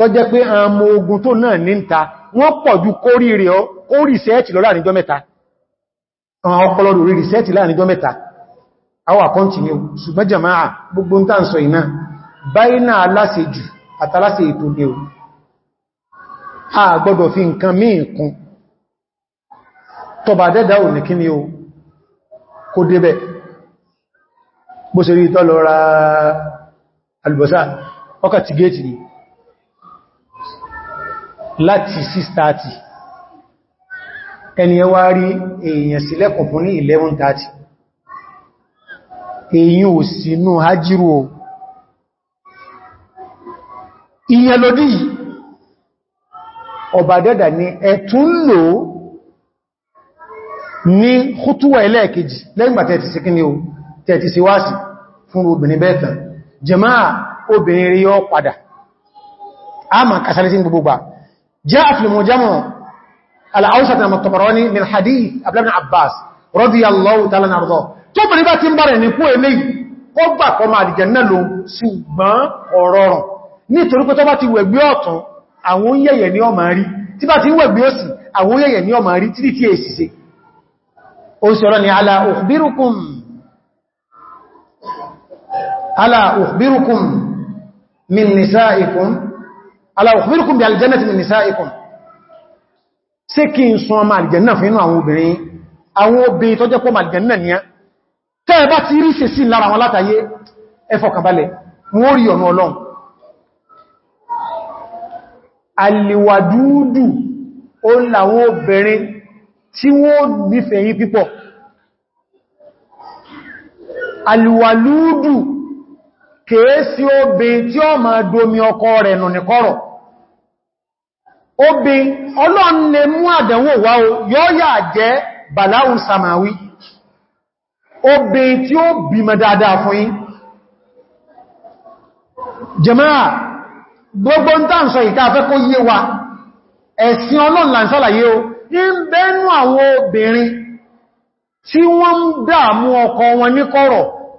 tó jẹ́ pé àmọ́ ogun tó náà ní nta ta wọ́n pọ̀ ju kórí ọ́ ó rìsẹ́ẹ̀tì lọ mẹ́ta àwọn rìsẹ́ẹ̀tì láàrin jọ mẹ́ta ṣùgbọ́n jama'a gbogbo ń tàn sọ iná báyínà aláṣẹ jù àtàláṣẹ ètò ní o a gbọ́dọ̀ fi nǹkan míì tọba dẹ́dà ò ní o kó débẹ̀ bó ṣe rí láti 6:30 ẹni ẹ wá rí èèyàn sílẹ̀kùn fún ní 11:30 èyí ò sínú hajjiru o ìyẹn lòdí ọba dẹ́dà ni ẹ̀tún lò ní kútúwà ẹlẹ́ẹ̀kejì lẹ́yìnbà tẹ́ẹ̀tì sí kí ni o tẹ́ẹ̀tì sí wáàsí fún obìnrin bẹ́ẹ̀tàn jẹ́máà obìnrin rí ọ padà a ma kásálẹ́sí gbogbo gbà جاء في المجمع الأوسط من الطبراني من حديث أبلا بن عباس رضي الله تعالى نرضاه tó bẹ̀rẹ̀ bá ti ń bára ẹ̀nìkú eléyìí kó gbà kọ máa dìjẹ̀ náà lò ṣùgbọ́n ọ̀rọ̀rùn nítorí pé tó bá ti wẹ̀gbẹ́ ọ̀tún àwọn yẹ̀yẹ̀ ní ọmọ rí tí bá ti ń wẹ̀gbẹ́ òsì àwọn yẹ̀yẹ̀ ní ọmọ rí títí tí èsìse ó sọ̀rọ̀ ni ala ukhbirukum ala ukhbirukum min nisaikum ala ukhbirukum bí aljannati min nisaikum ṣé kí n sọ ọmọ aljanna fún inú àwọn obìnrin àwọn obìnrin tó jẹ́ pọ́ aljanna ni tẹ́ ẹ bá ti rí ṣe sí lára wọn látàyé ẹ fọkàn balẹ̀ wọ́n rí kèésí obìn tí ó do domi ọkọ rẹ̀ nù ní kọ́rọ̀ obìn ọlọ́n lè mú àdánwò wá o yọ́ yà jẹ́ bàláhùn samawi obìn tí ó bímọ dáadáa fún yín jẹmáà gbogbo ń tàn ìta afẹ́ kó wa ẹ̀sìn ọlọ́n là o bẹ́nu àwọn obìnrin tí ọkọ wọn ní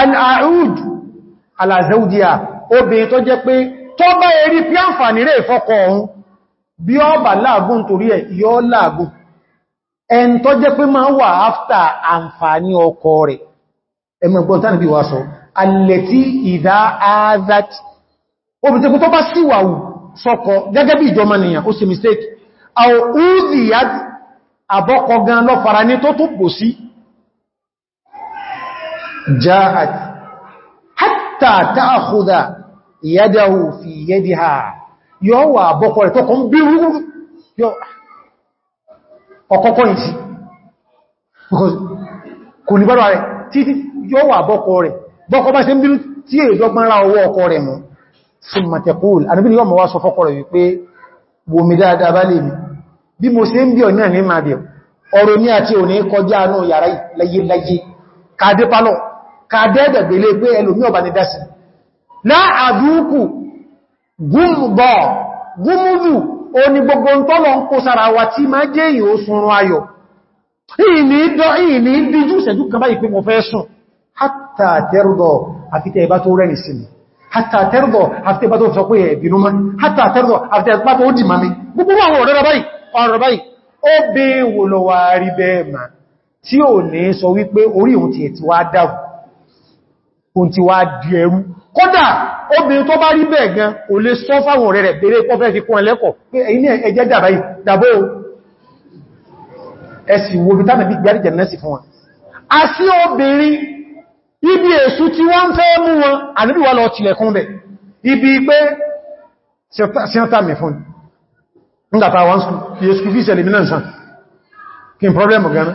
al-a'ud ala zawjiha obìnrin tó jẹ́ pé tó bá erí pí àǹfààní rẹ̀ ìfọ́kọ̀ ọ̀hún bí ọ bà láàgùn torí ẹ̀ yọ́ láàgùn ẹn tó jẹ́ pé máa wà áftà àǹfààní ọkọ rẹ̀ ẹmọ̀gbọ́n tánà bí wá sọ alẹ́tí ìdá azat mistake àwọn úzìyàt àbọ́kọ gan lọ fara جاءت حتى تأخذ يده في يدها yóò wà bọ́kọ̀ rẹ̀ tó kọ́ ń bí rúrú ọkọ̀kọ́ ìsì kò ní bọ́rọ̀ rẹ̀ títí yóò wà bọ́kọ̀ rẹ̀ bọ́kọ̀ bá ṣe ń bínú tí èyí dọ́gbọ́n ra ọwọ́ ọkọ̀ rẹ̀ mú fún yóò mọ̀ wá sọ fọ́kọ̀ rẹ̀ wípé wòmí dáadáa bá lè kàdẹ́dẹ̀gbèlé pé ẹlòmí ọba ni dásì láàdúkù gúmùbọ̀ gúmùlù o ni gbogbo tọ́lọ ń kó sára wa tí máa jẹ́ sunrun ayọ̀ ìní díjú ìṣẹ́jú kan báyìí pé mo fẹ́ sùn hátà tẹ́rùdọ̀ àfitẹ́ ìbá tó rẹ̀ nìsinmi hátà ní sọ wípé orí òun ti ẹ̀ ti ohun ti wá di ẹrú kódà obìnrin tó bá rí bẹ́ẹ̀ gan o lè sọ fáwọn ọ̀rẹ́ rẹ̀ bèèrè pọ́ fẹ́ fi kún ẹlẹ́kọ̀ pé ẹ̀yìn ẹjẹ́ dàbá yìí dàbó ẹ̀sì wo bí tánàbí gbárí jẹ̀nẹ́sì fún wọn a sí obìnrin ibi èṣù tí wọ́n fẹ́ mú wọn àníbí wà lọ tilẹ̀kún bẹ̀ ibi pé síọ́tà mi fún nígbàtà wọn yẹ́sù fi sẹ̀lẹ̀ mìíràn sàn kí n problem gan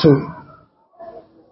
so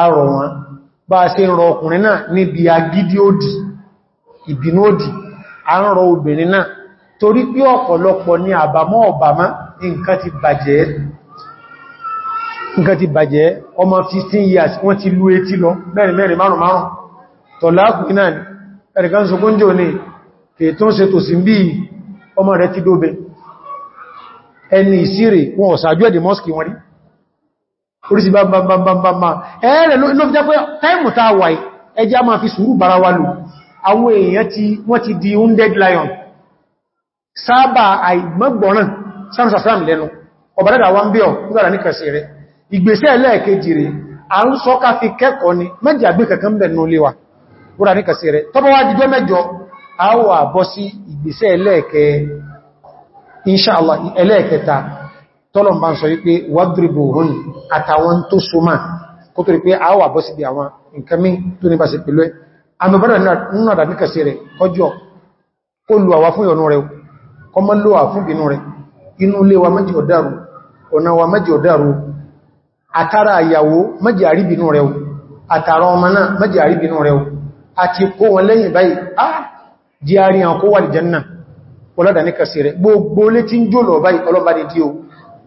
arọ̀ wọn bá ṣe rọ ọkùnrin náà níbi agidi òdì ìbínú òdì a ń rọ obìnrin náà torí pí ọ̀pọ̀lọpọ̀ ní àbámọ́ ọ̀bámá nǹkan ti bàjẹ́ ti bàjẹ́ ọmọ 15 years wọ́n ti lú etí lọ mẹ́rin márùn márùn tọ̀lá ẹni ìsírè wọn ọ̀sàájú ẹ̀dì mọ́sùkì wọn rí orísì bámbámbámbámbá ẹ̀rẹ̀ ló fi jẹ́ pé táìmù tàà wà ẹjá máa fi sùúrù bara wa lò àwọn èèyàn tí wọ́n ti di wounded lion sábà àìgbọ́gbọ̀nà sáàrùsàsàm lẹ́nu ọ̀bàdàdà wa ń bí ọ̀ nígbàrà ní kẹsì rẹ̀ ìgbésẹ̀ ẹlẹ́ẹ̀kejì rẹ̀ a ń sọ ká fi kẹ́kọ̀ọ́ ni mẹ́jì àgbé kankan bẹ̀ nú léwà wúra ní kẹsì rẹ̀ tọ́bọ̀ wá dìjọ́ mẹ́jọ a wà bọ́ sí ìgbésẹ̀ ẹlẹ́ẹ̀kẹta tọ́lọ̀ bá ń sọ wípé wádìrìbò hún àtàwọn tó súnmà kó tó rí pé a wà bọ́ sí bí àwọn nǹkan mí tó ní bá sí pẹ̀lú ẹ. àmìbọ́dà nínú àdá níkàsí rẹ̀ kọjọ́ kó lù àwá fún ìyọnú rẹ̀ kọ mọ́ lò à fún ìbínú rẹ̀ inú ilé wa méjì ọ̀dáru ọ̀nà wa méjì ọ̀dáru àtàrà àyàwó méjì àríbínú rẹ̀ àtàrà ọmọ náà méjì àríbínú rẹ̀ àti kó wọn lẹ́yìn báyìí á di àárín àwọn kó wà lè jẹ́ níkàsí rẹ̀ gbogbo lé ń jò lọ báyìí ọlọ́bàdì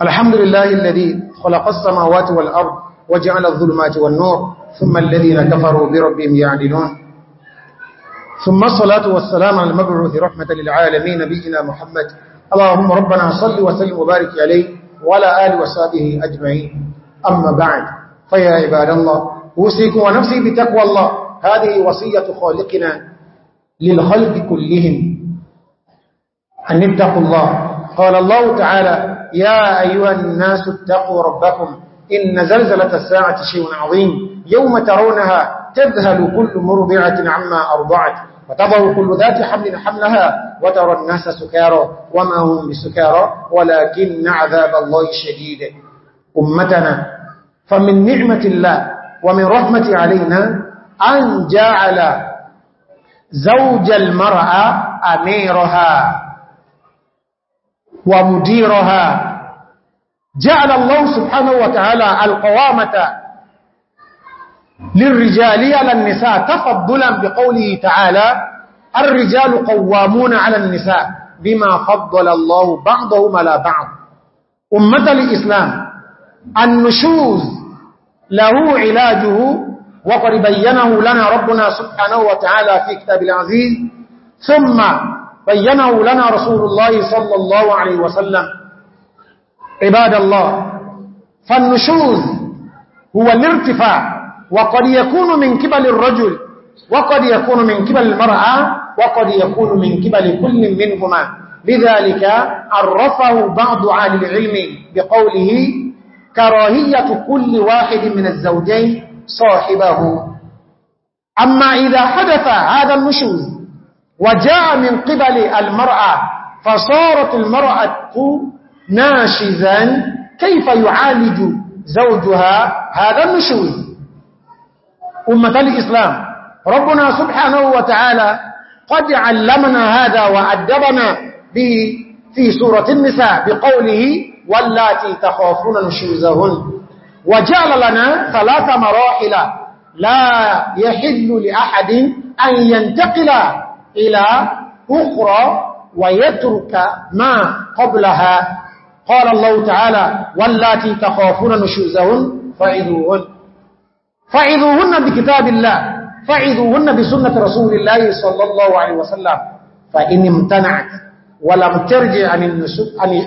الحمد لله الذي خلق السماوات والأرض وجعل الظلمات والنور ثم الذين كفروا بربهم يعدلون ثم الصلاة والسلام على المبعوث رحمة للعالمين نبينا محمد اللهم ربنا صل وسلم وبارك عليه وعلى آل وصحبه أجمعين أما بعد فيا عباد الله أوصيكم ونفسي بتقوى الله هذه وصية خالقنا للخلق كلهم أن اتقوا الله قال الله تعالى يا أيها الناس اتقوا ربكم إن زلزلة الساعة شيء عظيم يوم ترونها تذهل كل مرضعة عما أرضعت وتضع كل ذات حمل حملها وترى الناس سكارى وما هم بسكارى ولكن عذاب الله شديد أمتنا فمن نعمة الله ومن رحمة علينا أن جعل زوج المرأة أميرها ومديرها جعل الله سبحانه وتعالى القوامة للرجال على النساء تفضلا بقوله تعالى الرجال قوامون على النساء بما فضل الله بعضهم على بعض أمة الإسلام النشوز له علاجه وقد بينه لنا ربنا سبحانه وتعالى في كتاب العزيز ثم بينه لنا رسول الله صلى الله عليه وسلم عباد الله فالنشوز هو الارتفاع وقد يكون من قبل الرجل وقد يكون من قبل المرأة وقد يكون من قبل كل منهما لذلك عرفه بعض عالي العلم بقوله كراهية كل واحد من الزوجين صاحبه أما إذا حدث هذا النشوز وجاء من قبل المرأة فصارت المرأة ناشزا كيف يعالج زوجها هذا النشوي أمة الإسلام ربنا سبحانه وتعالى قد علمنا هذا وأدبنا به في سورة النساء بقوله واللاتي تخافون نشوزهن وجعل لنا ثلاث مراحل لا يحل لأحد أن ينتقل إلى أخرى ويترك ما قبلها قال الله تعالى واللاتي تخافون نشوزهن فعذوهن فعذوهن بكتاب الله فعذوهن بسنة رسول الله صلى الله عليه وسلم فإن امتنعت ولم ترجع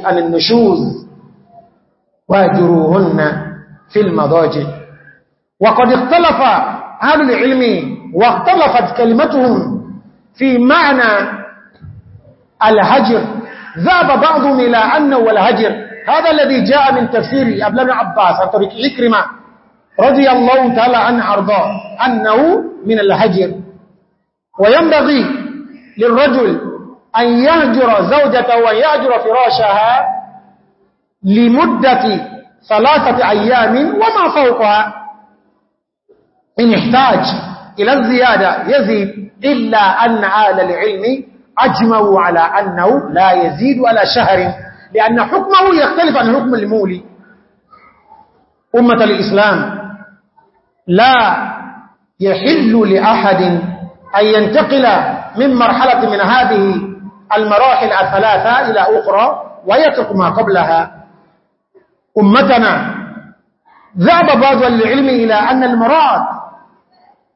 عن النشوز واجروهن في المضاجع وقد اختلف أهل العلم واختلفت كلمتهم في معنى الهجر ذهب بعضهم إلى أنه والهجر هذا الذي جاء من تفسير أبلنا عباس عن طريق إكرمة رضي الله تعالى عن أرضاه أنه من الهجر وينبغي للرجل أن يهجر زوجته ويهجر فراشها لمدة ثلاثة أيام وما فوقها إن احتاج إلى الزيادة يزيد إلا أن آل العلم أجمعوا على أنه لا يزيد على شهر لأن حكمه يختلف عن حكم المولي أمة الإسلام لا يحل لأحد أن ينتقل من مرحلة من هذه المراحل الثلاثة إلى أخرى ويترك ما قبلها أمتنا ذهب بعض العلم إلى أن المراد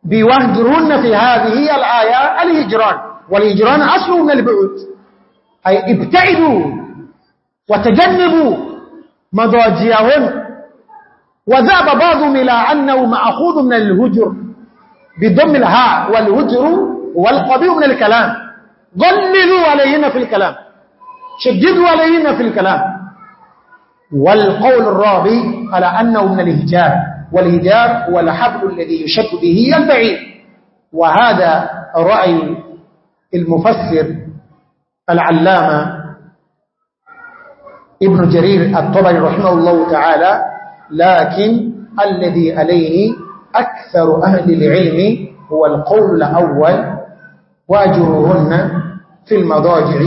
بوهجرهن في هذه الآية الهجران والهجران أصل من البعد أي ابتعدوا وتجنبوا مضاجعهم وذهب بعضهم إلى أنه مأخوذ من الهجر بضم الهاء والهجر والقبيع من الكلام ظللوا عليهن في الكلام شددوا عليهن في الكلام والقول الرابي على أنه من الهجار والهداب هو الحبل الذي يشد به البعيد وهذا رأي المفسر العلامة ابن جرير الطبري رحمه الله تعالى لكن الذي عليه أكثر أهل العلم هو القول الأول واجرهن في المضاجع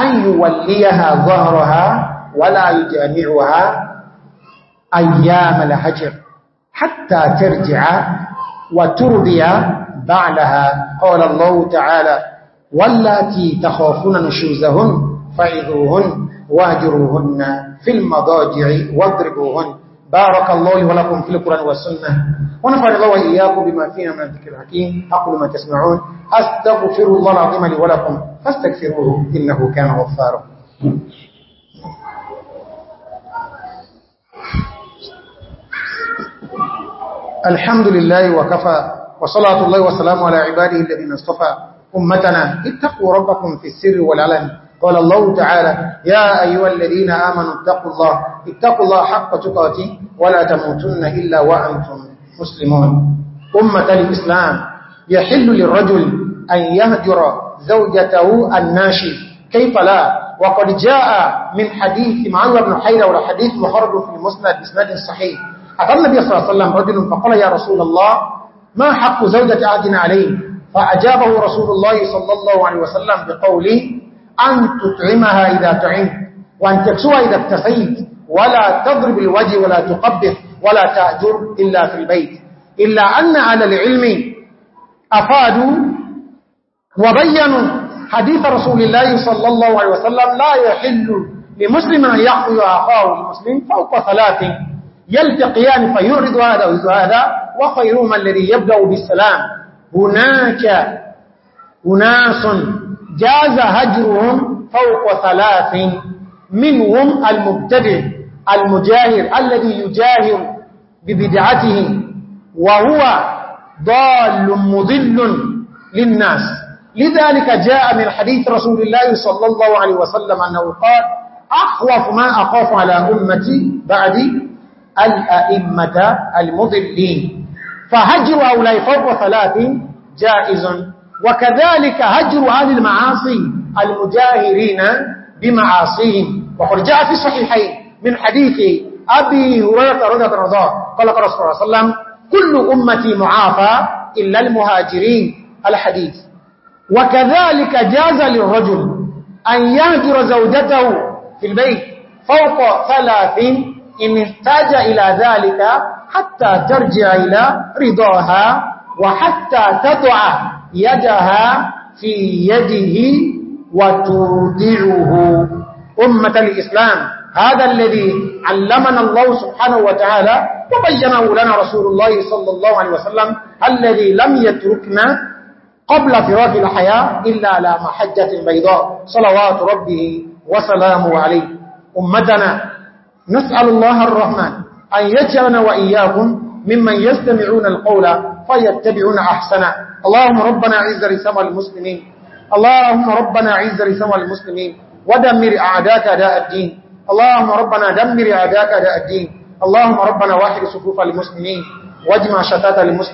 أن يوليها ظهرها ولا يجامعها أيام الهجر حتى ترجع وترضي بعلها قال الله تعالى واللاتي تخافون نشوزهن فعظوهن واجروهن في المضاجع واضربوهن بارك الله ولكم في القرآن والسنة ونفعل الله وإياكم بما فينا من الذكر الحكيم أقول ما تسمعون أستغفر الله العظيم لي ولكم فاستغفروه إنه كان غفارا الحمد لله وكفى وصلاة الله وسلام على عباده الذين اصطفى أمتنا اتقوا ربكم في السر والعلن قال الله تعالى يا أيها الذين آمنوا اتقوا الله اتقوا الله حق تقاتي ولا تموتن إلا وأنتم مسلمون أمة الإسلام يحل للرجل أن يهجر زوجته الناشي كيف لا وقد جاء من حديث معاوية بن حيرة ولا حديث محرب في المسند بسند صحيح أتى النبي صلى الله عليه وسلم رجل فقال يا رسول الله ما حق زوجة عهدنا عليه فأجابه رسول الله صلى الله عليه وسلم بقوله أن تطعمها إذا تعين وأن تكسوها إذا ابتسيت ولا تضرب الوجه ولا تقبث ولا تأجر إلا في البيت إلا أن على العلم أفادوا وبينوا حديث رسول الله صلى الله عليه وسلم لا يحل لمسلم أن يحفظ أخاه المسلم فوق ثلاث يلتقيان فيعرض هذا ويعرض هذا وخيرهما الذي يبدأ بالسلام هناك أناس جاز هجرهم فوق ثلاث منهم المبتدع المجاهر الذي يجاهر ببدعته وهو ضال مضل للناس لذلك جاء من حديث رسول الله صلى الله عليه وسلم أنه قال أخوف ما أخاف على أمتي بعدي الأئمة المضلين فهجر أولا فوق ثلاث جائز وكذلك هجر أهل المعاصي المجاهرين بمعاصيهم وقد جاء في الصحيحين من حديث أبي هريرة رضي الله قال قال رسول الله صلى الله عليه وسلم كل أمتي معافى إلا المهاجرين الحديث وكذلك جاز للرجل أن يهجر زوجته في البيت فوق ثلاث إن احتاج إلى ذلك حتى ترجع إلى رضاها وحتى تضع يدها في يده وتودعه أمة الإسلام هذا الذي علمنا الله سبحانه وتعالى وبينه لنا رسول الله صلى الله عليه وسلم الذي لم يتركنا قبل فراق الحياة إلا على محجة بيضاء صلوات ربه وسلامه عليه أمتنا نسأل الله الرحمن أن يجعلنا وإياكم ممن يستمعون القول فيتبعون أحسنا اللهم ربنا عز رسام المسلمين اللهم ربنا عز رسام المسلمين ودمر أعداك أداء الدين اللهم ربنا دمر أعداك أداء الدين اللهم ربنا واحد صفوف المسلمين واجمع شتات المسلمين